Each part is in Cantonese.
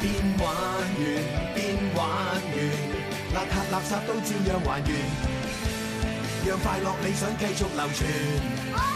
邊玩完邊玩完，邋遢 垃圾都照樣還原， 讓快樂理想繼續流傳。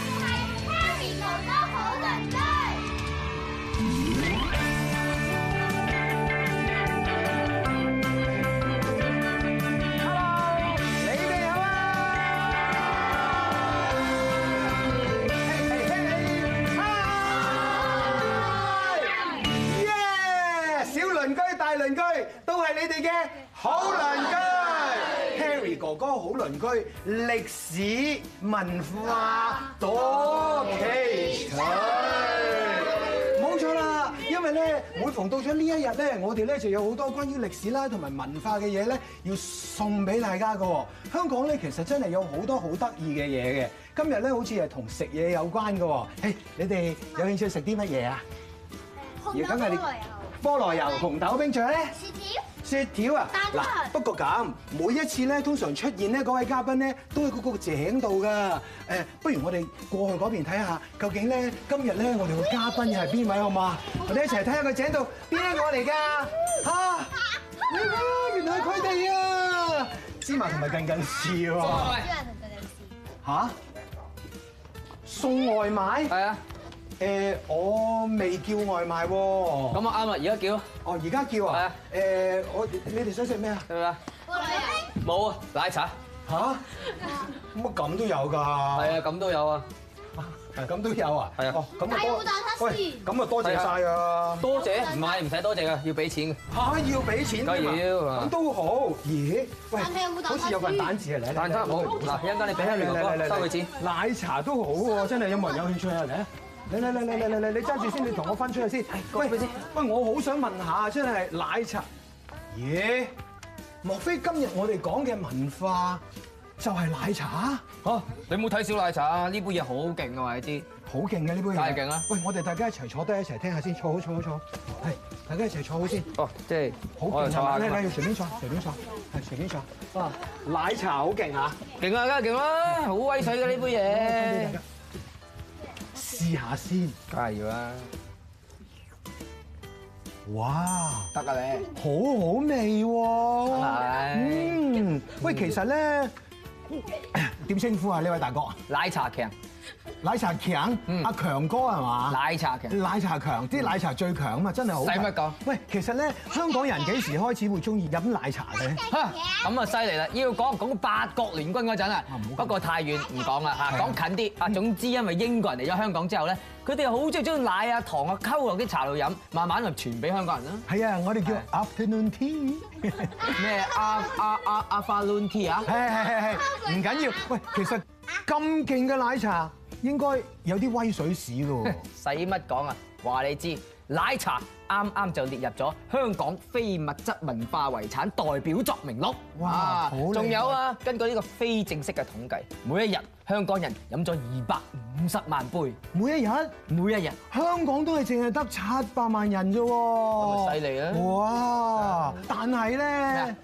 你哋嘅好鄰居一 Harry 哥哥好鄰居，一歷史文化多奇趣，冇一錯啦。因為咧，每逢到咗呢一日咧，我哋咧就有好多關於歷史啦同埋文化嘅嘢咧，要送俾大家㗎。香港咧其實真係有好多好得意嘅嘢嘅。今日咧好似係同食嘢有關嘅。誒，你哋有興趣食啲乜嘢啊？一而梗係。嗯波洛油紅豆冰酒呢？雪條？雪條啊，但不過咁，每一次呢，通常出現呢，嗰位嘉賓呢，都喺嗰個井度㗎。呃，不如我哋過去嗰邊睇下，究竟呢，今日呢，我哋嘅嘉賓又係邊位好嗎？我哋一齊睇下個井度，邊一個嚟㗎？啊，啊，原來佢哋呀。芝麻、同埋近近示喎。啊，誒，我未叫外賣喎。咁啊啱啊，而家叫。哦，而家叫啊。係啊。誒，我你哋想食咩啊？係咪啊？冇啊，奶茶。吓？乜咁都有噶？係啊，咁都有啊。咁都有啊？係啊。哦。咁蛋撻。喂。咁啊多謝晒啊。多謝？唔係唔使多謝噶，要俾錢。吓，要俾錢。梗係要。咁都好。咦？喂。好似有份蛋治嘅，嚟嚟。奶茶冇。嗱，一陣間你俾下你個哥收佢錢。奶茶都好喎，真係有冇人有興趣啊？嚟啊！你你你你你你你揸住先，你同我返出去先。喂，先！喂，我好想問下，真係奶茶，咦？莫非今日我哋講嘅文化就係奶茶啊？你冇睇小奶茶啊！呢杯嘢好勁嘅，我係知。好勁嘅呢杯嘢。梗係勁啦！喂，我哋大家一齊坐低一齊聽下先，坐好坐好坐。係，大家一齊坐好先。哦，即係好勁啊！大家要隨便坐，隨便坐。係，隨便坐。哇！奶茶好勁啊！勁啊，梗係勁啦，好威水嘅呢杯嘢。試下先，梗係要啦！哇，得㗎你，好好味喎！嗯， 喂，其實咧，點 稱呼啊呢位大哥？奶茶強。奶茶強，阿強哥係嘛？奶茶強，奶茶強，啲奶茶最強啊嘛，真係好。使乜講？喂，其實咧，香港人幾時開始會中意飲奶茶嘅？吓，咁 啊樂，犀利啦！要講講八國聯軍嗰陣啊，別說 不過太遠唔講啦吓，講近啲啊。總之，因為英國人嚟咗香港之後咧，佢哋好中意將奶啊、糖啊溝落啲茶度飲，慢慢就傳俾香港人啦。係啊，我哋叫 afternoon tea，咩阿阿阿 afternoon tea 啊？係係係係，唔緊要。喂， 其實。咁勁嘅奶茶，應該有啲威水史咯。使乜講啊？話你知，奶茶啱啱就列入咗香港非物質文化遺產代表作名錄。哇，仲有啊，根據呢個非正式嘅統計，每一日香港人飲咗二百五十萬杯。每一日，每一日，香港都係淨係得七百萬人咋？咁咪犀利啦！哇，但係咧。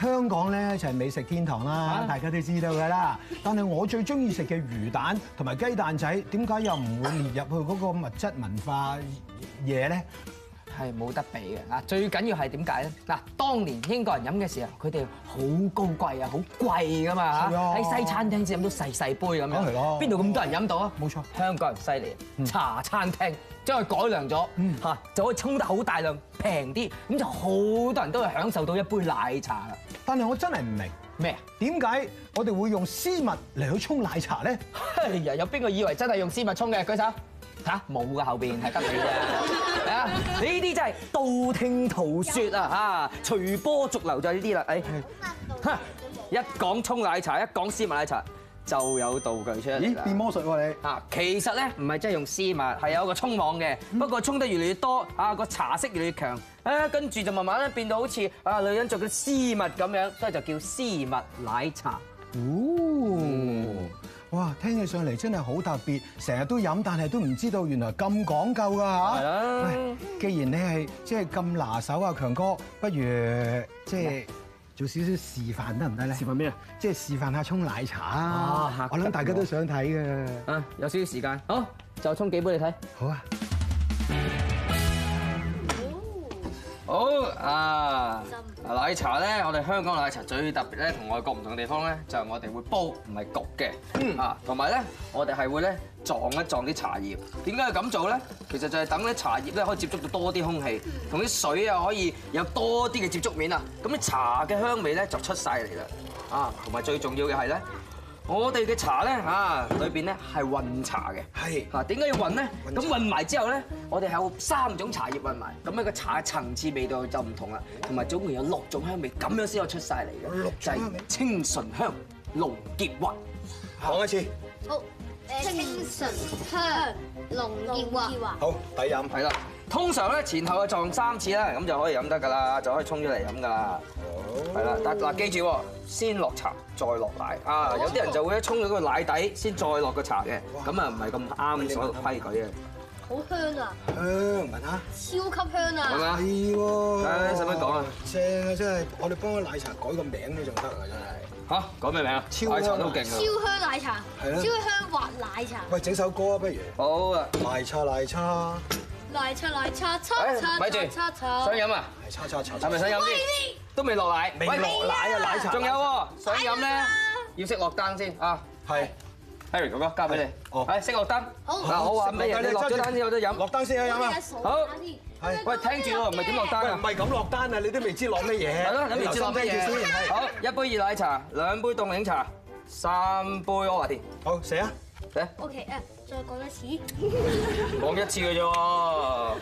香港咧就係美食天堂啦，啊、大家都知道㗎啦。 但係我最中意食嘅魚蛋同埋雞蛋仔，點解又唔會列入去嗰個物質文化嘢咧？係冇得比嘅嗱，最緊要係點解咧？嗱，當年英國人飲嘅時候，佢哋好高貴啊，好貴噶嘛喺的西餐廳至飲到細細杯咁樣，邊度咁多人飲、哦、到啊？冇錯，香港人犀利，茶餐廳將佢改良咗嚇，嗯、就可以沖得好大量平啲，咁就好多人都會享受到一杯奶茶啦。但係我真係唔明咩啊？點解麼我哋會用絲襪嚟去沖奶茶咧？哎呀，有邊個以為真係用絲襪沖嘅？舉手嚇冇㗎，後邊係得你嘅，係啊？呢啲真係道聽途說啊嚇，有隨波逐流就係呢啲啦誒，一講沖奶茶，一講絲襪奶茶。就有道具出嚟，咦？變魔術喎你啊！你其實咧唔係真係用絲襪，係有個沖網嘅。不過沖得越嚟越多，啊，個茶色越嚟越強啊，跟住就慢慢咧變到好似啊女人着嘅絲襪咁樣，所以就叫絲襪奶茶。哦，哇！聽起上嚟真係好特別，成日都飲，但係都唔知道原來咁講究㗎、啊、嚇。係啊吧、哎，既然你係即係咁拿手啊，強哥，不如即係。就是做少少示範得唔得咧？示範咩？啊？即係示範下沖奶茶啊！我諗大家都想睇嘅。啊，有少少時間，好就沖幾杯你睇。好啊。哦、好。好啊。深奶茶咧，我哋香港奶茶最特別咧，同外國唔同嘅地方咧，就係、我哋會煲，唔係焗嘅。嗯。啊，同埋咧，我哋係會咧。撞一撞啲茶葉，點解要咁做咧？其實就係等啲茶葉咧可以接觸到多啲空氣，同啲水啊可以有多啲嘅接觸面啊，咁啲茶嘅香味咧就出晒嚟啦。啊，同埋最重要嘅係咧，我哋嘅茶咧啊裏邊咧係混茶嘅。係嗱好，點解要混咧？咁混埋茶之後咧，我哋有三種茶葉混埋，咁呢個茶嘅層次味道就唔同啦。同埋總共有六種香味，咁樣先可以出晒嚟嘅。綠製清純香龍結雲，講一次。好。清醇香濃烈滑好抵飲。係啦，通常咧前後啊撞三次啦，咁就可以飲得噶啦，就可以沖咗嚟飲噶啦。係啦，但嗱記住先落茶再落奶啊！有啲人就會咧沖咗個奶底先再落個茶嘅，咁啊唔係咁啱你所有規矩嘅。好香啊！香聞下，超級香啊！係喎，使唔使講啊？正啊！真係，我哋幫個奶茶改個名咧就得啦，真係。吓，講咩名啊？超香奶茶都勁啊！超香奶茶，係咧。超香滑奶茶。喂，整首歌啊，不如。好啊，奶茶奶茶。奶茶奶茶，超。哎，咪住。想飲啊？係，超超超，係咪想飲先。都未落奶，未落奶啊！奶茶仲有，想飲咧，要識落單先啊。係，Harry 哥哥交俾你。哦，係，識落單。好，嗱，好啊。唔該，你落咗單先有得飲。落單先有得飲啊。好。喂，聽住喎，唔係點落單啊？唔係咁落單啊，你都未知落咩嘢？係咯，有冇聽住先？好，一杯熱奶茶，兩杯凍檸茶，三杯阿華田。好，死啊，死啊。OK，啊，再講多次。講一次㗎咋喎。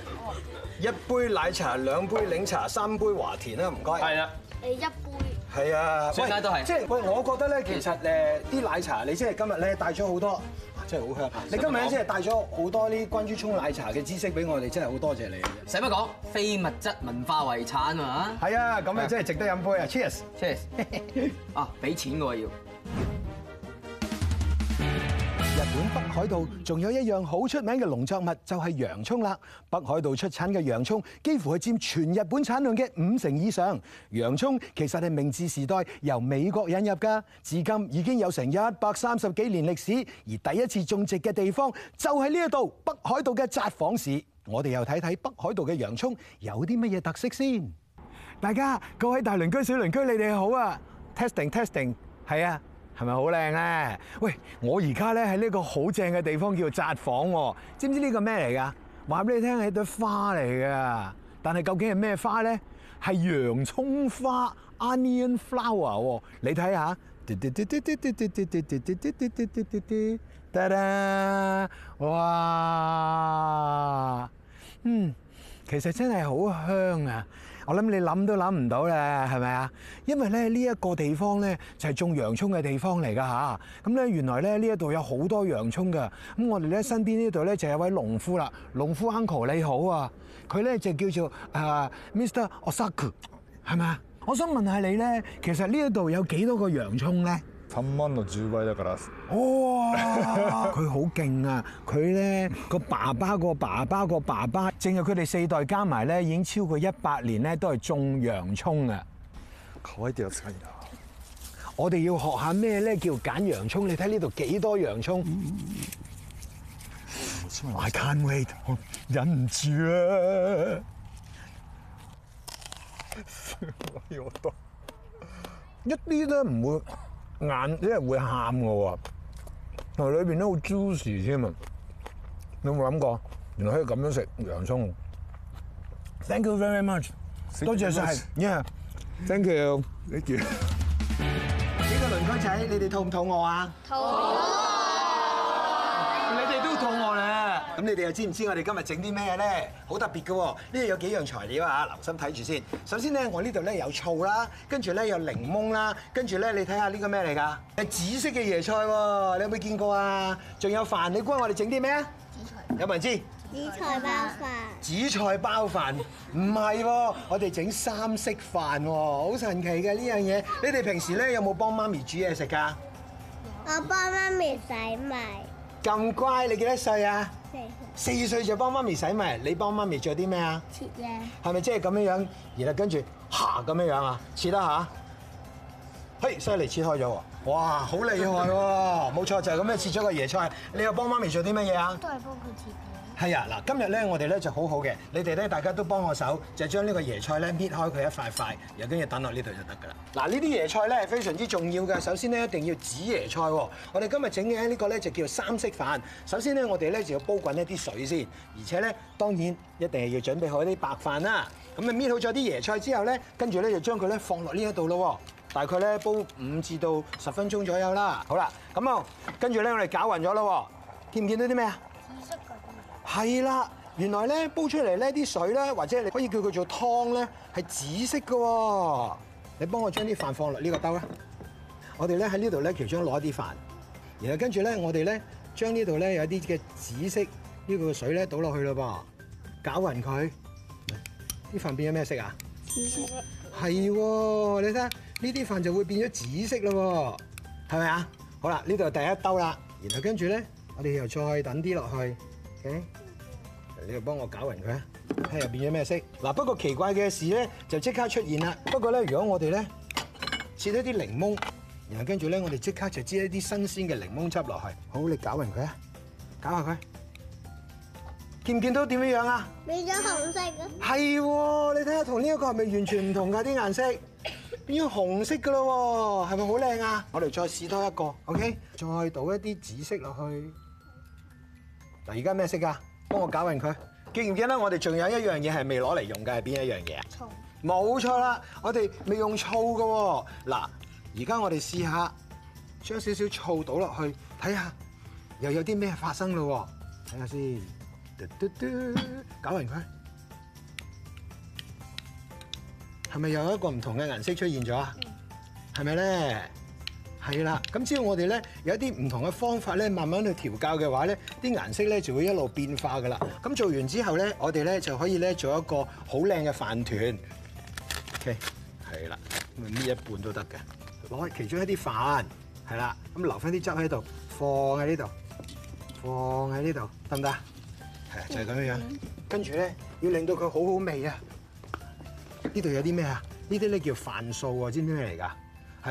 一杯奶茶，兩杯檸茶，三杯華田啦，唔該。係啊。誒，一杯。係啊。所以都係。即係，喂，我覺得咧，其實誒啲奶茶，你即係今日咧帶咗好多。真係好香！你今日真係帶咗好多呢關於沖奶茶嘅知識俾我哋，真係好多謝你。使乜講非物質文化遺產、嗯、啊？係啊，咁樣真係值得飲杯啊！Cheers，Cheers！杯杯啊，俾錢我要。日本北海道仲有一樣好出名嘅農作物就係洋葱啦。北海道出產嘅洋葱幾乎係佔全日本產量嘅五成以上。洋葱其實係明治時代由美國引入噶，至今已經有成一百三十幾年歷史。而第一次種植嘅地方就喺呢一度北海道嘅札幌市。我哋又睇睇北海道嘅洋葱有啲乜嘢特色先。大家各位大鄰居小鄰居你哋好啊！Testing testing，係啊。係咪好靚咧？喂，我而家咧喺呢個好正嘅地方叫做窄房喎，知唔知呢個咩嚟噶？話俾你聽係一朵花嚟噶，但係究竟係咩花咧？係洋蔥花 （onion flower） 你睇下，嘟嘟嘟嘟嘟嘟嘟嘟嘟嘟嘟嘟嘟。噠噠噠噠，哇，嗯。其實真係好香啊！我諗你諗都諗唔到咧，係咪啊？因為咧呢一個地方咧就係種洋蔥嘅地方嚟㗎嚇。咁咧原來咧呢一度有好多洋蔥㗎。咁我哋咧身邊呢度咧就有位農夫啦。農夫 Uncle 你好啊，佢咧就叫做啊 Mr. Osaku 係咪啊？我想問下你咧，其實呢一度有幾多個洋蔥咧？三萬到十倍，だから哇！佢 好、哦、勁啊！佢咧個爸爸個爸爸個爸爸，正係佢哋四代加埋咧，已經超過一百年咧，都係種洋蔥啊！我哋要學下咩咧？叫揀洋蔥。你睇呢度幾多洋蔥，嗯、 ？I can't wait，忍唔住啊！一啲都唔會。眼因為會喊嘅喎，同埋裏邊都好 juicy 添啊！你有冇諗過？原來可以咁樣食洋葱。Thank you very much，多謝晒。Yeah，thank you，thank you。呢個輪胎仔，你哋肚唔肚餓啊？肚。咁你哋又知唔知我哋今日整啲咩咧？好特別嘅喎，呢度有幾樣材料啊！留心睇住先。首先咧，我呢度咧有醋啦，跟住咧有檸檬啦，跟住咧你睇下呢個咩嚟㗎？係紫色嘅椰菜喎，你有冇見過啊？仲有飯，你估我哋整啲咩啊？紫菜。有冇人知？紫菜，紫菜包飯。紫菜包飯？唔係喎，我哋整三色飯喎，好神奇嘅呢樣嘢。你哋平時咧有冇幫媽咪煮嘢食㗎？我幫媽咪洗米。咁乖，你幾多歲啊？四歲。四歲就幫媽咪洗埋，你幫媽咪做啲咩啊？切嘢椰。係咪即係咁樣樣？然後跟住嚇咁樣樣啊？樣切得下？嘿，犀利，切開咗喎！哇，好厲害喎！冇 錯，就係、是、咁樣切咗個椰菜。你又幫媽咪做啲乜嘢啊？都係幫佢切嘅。係啊，嗱，今日咧我哋咧就好好嘅，你哋咧大家都幫我手，就係將呢個椰菜咧搣開佢一塊塊，又跟住等落呢度就得㗎啦。嗱，呢啲椰菜咧係非常之重要嘅，首先咧一定要紫椰菜。我哋今日整嘅呢個咧就叫三色飯。首先咧我哋咧就要煲滾一啲水先，而且咧當然一定係要準備好一啲白飯啦。咁啊搣好咗啲椰菜之後咧，跟住咧就將佢咧放落呢一度咯。大概咧煲五至到十分鐘左右啦。好啦，咁啊跟住咧我哋攪勻咗咯，見唔見到啲咩啊？係啦，原來咧煲出嚟呢啲水咧，或者你可以叫佢做湯咧，係紫色噶喎。你幫我將啲飯放落呢個兜啦。我哋咧喺呢度咧，其中攞啲飯，然後跟住咧，我哋咧將呢度咧有一啲嘅紫色呢個水咧倒落去咯噃，攪勻佢。啲飯變咗咩色啊？紫色。係， 你睇下，呢啲飯就會變咗紫色咯，係咪啊？好啦，呢度第一兜啦，然後跟住咧，我哋又再等啲落去。Okay? 你又幫我搞勻佢啊？睇下變咗咩色？嗱，不過奇怪嘅事咧就即刻出現啦。不過咧，如果我哋咧切咗啲檸檬，然後跟住咧我哋即刻就擠一啲新鮮嘅檸檬汁落去。好，你搞勻佢啊，搞下佢。見唔見到點樣樣啊？變咗紅色㗎。係喎，你睇下同呢一個係咪完全唔同㗎啲顏色？變咗紅色㗎咯喎，係咪好靚啊？我哋再試多一個，OK？再倒一啲紫色落去。嗱，而家咩色㗎？幫我搞勻佢，記唔記得我哋仲有一樣嘢係未攞嚟用嘅，係邊一樣嘢啊？醋，冇錯啦，我哋未用醋嘅喎。嗱，而家我哋試下將少少醋倒落去，睇下又有啲咩發生咯。睇下先，搞勻佢，係咪有一個唔同嘅顏色出現咗啊？係咪咧？是係啦，咁只要我哋咧有一啲唔同嘅方法咧，慢慢去調校嘅話咧，啲顏色咧就會一路變化噶啦。咁做完之後咧，我哋咧就可以咧做一個好靚嘅飯團。OK，係啦，咁，呢一半都得嘅，攞其中一啲飯，係啦，咁留翻啲汁喺度，放喺呢度，放喺呢度，得唔得？係、嗯，就係、係、咁樣樣。跟住咧，要令到佢好好味啊！呢度有啲咩啊？呢啲咧叫飯素喎，知唔知咩嚟㗎？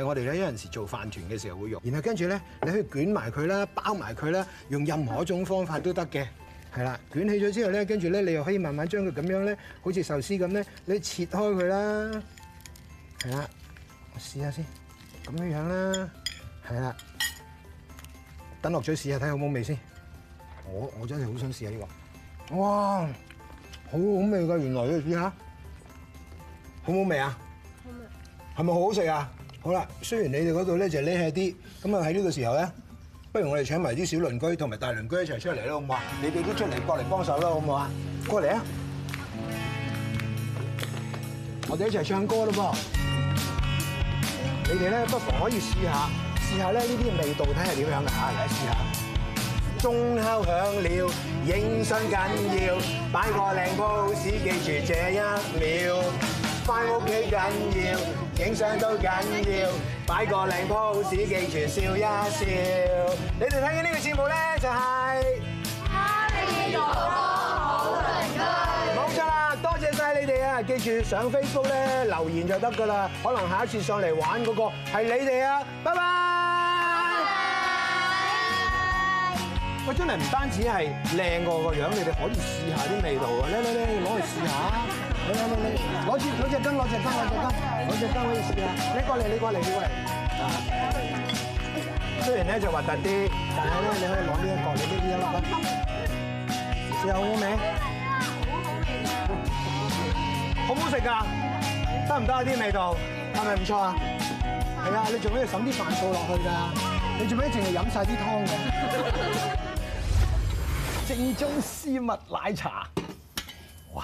係我哋咧，有陣時做飯團嘅時候會用，然後跟住咧，你可以捲埋佢啦，包埋佢啦，用任何種方法都得嘅，係啦，捲起咗之後咧，跟住咧，你又可以慢慢將佢咁樣咧，好似壽司咁咧，你切開佢啦，係啦，我試下先，咁樣樣啦，係啦，等落嘴試下睇好唔好味先。我我真係好想試下呢個，哇，好好味㗎！原來你試下，好唔好味啊？好味了，係咪好好食啊？好啦，雖然你哋嗰度咧就叻啲，咁啊喺呢個時候咧，不如我哋請埋啲小鄰居同埋大鄰居一齊出嚟咯，好唔好啊？你哋都出嚟過嚟幫手啦，好唔好啊？過嚟啊！我哋一齊唱歌咯噃！你哋咧不妨可以試下，試下咧呢啲味道睇下點樣啊！嚟試下。鐘敲響了，影相緊要，擺個靚 pose，記住這一秒。翻屋企緊要，影相都緊要，擺個靚 pose，記住笑一笑。你哋睇緊呢個節目咧，就係《HARRY 哥哥好鄰居》。冇錯啦，多謝晒你哋啊！記住上 Facebook 咧留言就得噶啦。可能下一次上嚟玩嗰個係你哋啊，拜拜。喂，真係唔單止係靚個個樣，你哋可以試下啲味道啊！嚟嚟嚟，攞去試下。你攞住嗰隻羹，攞隻羹，攞隻羹，攞隻羹可以試啊！你過嚟，你過嚟，你過嚟。雖然咧就核突啲，但係咧你可以攞呢一嘢你嚟啲一粒去。試下好好味？好好味好唔好食噶？得唔得啊？啲味道係咪唔錯啊？係啊！你做咩省啲飯數落去噶？你做咩淨係飲晒啲湯嘅？正宗絲襪奶茶，哇！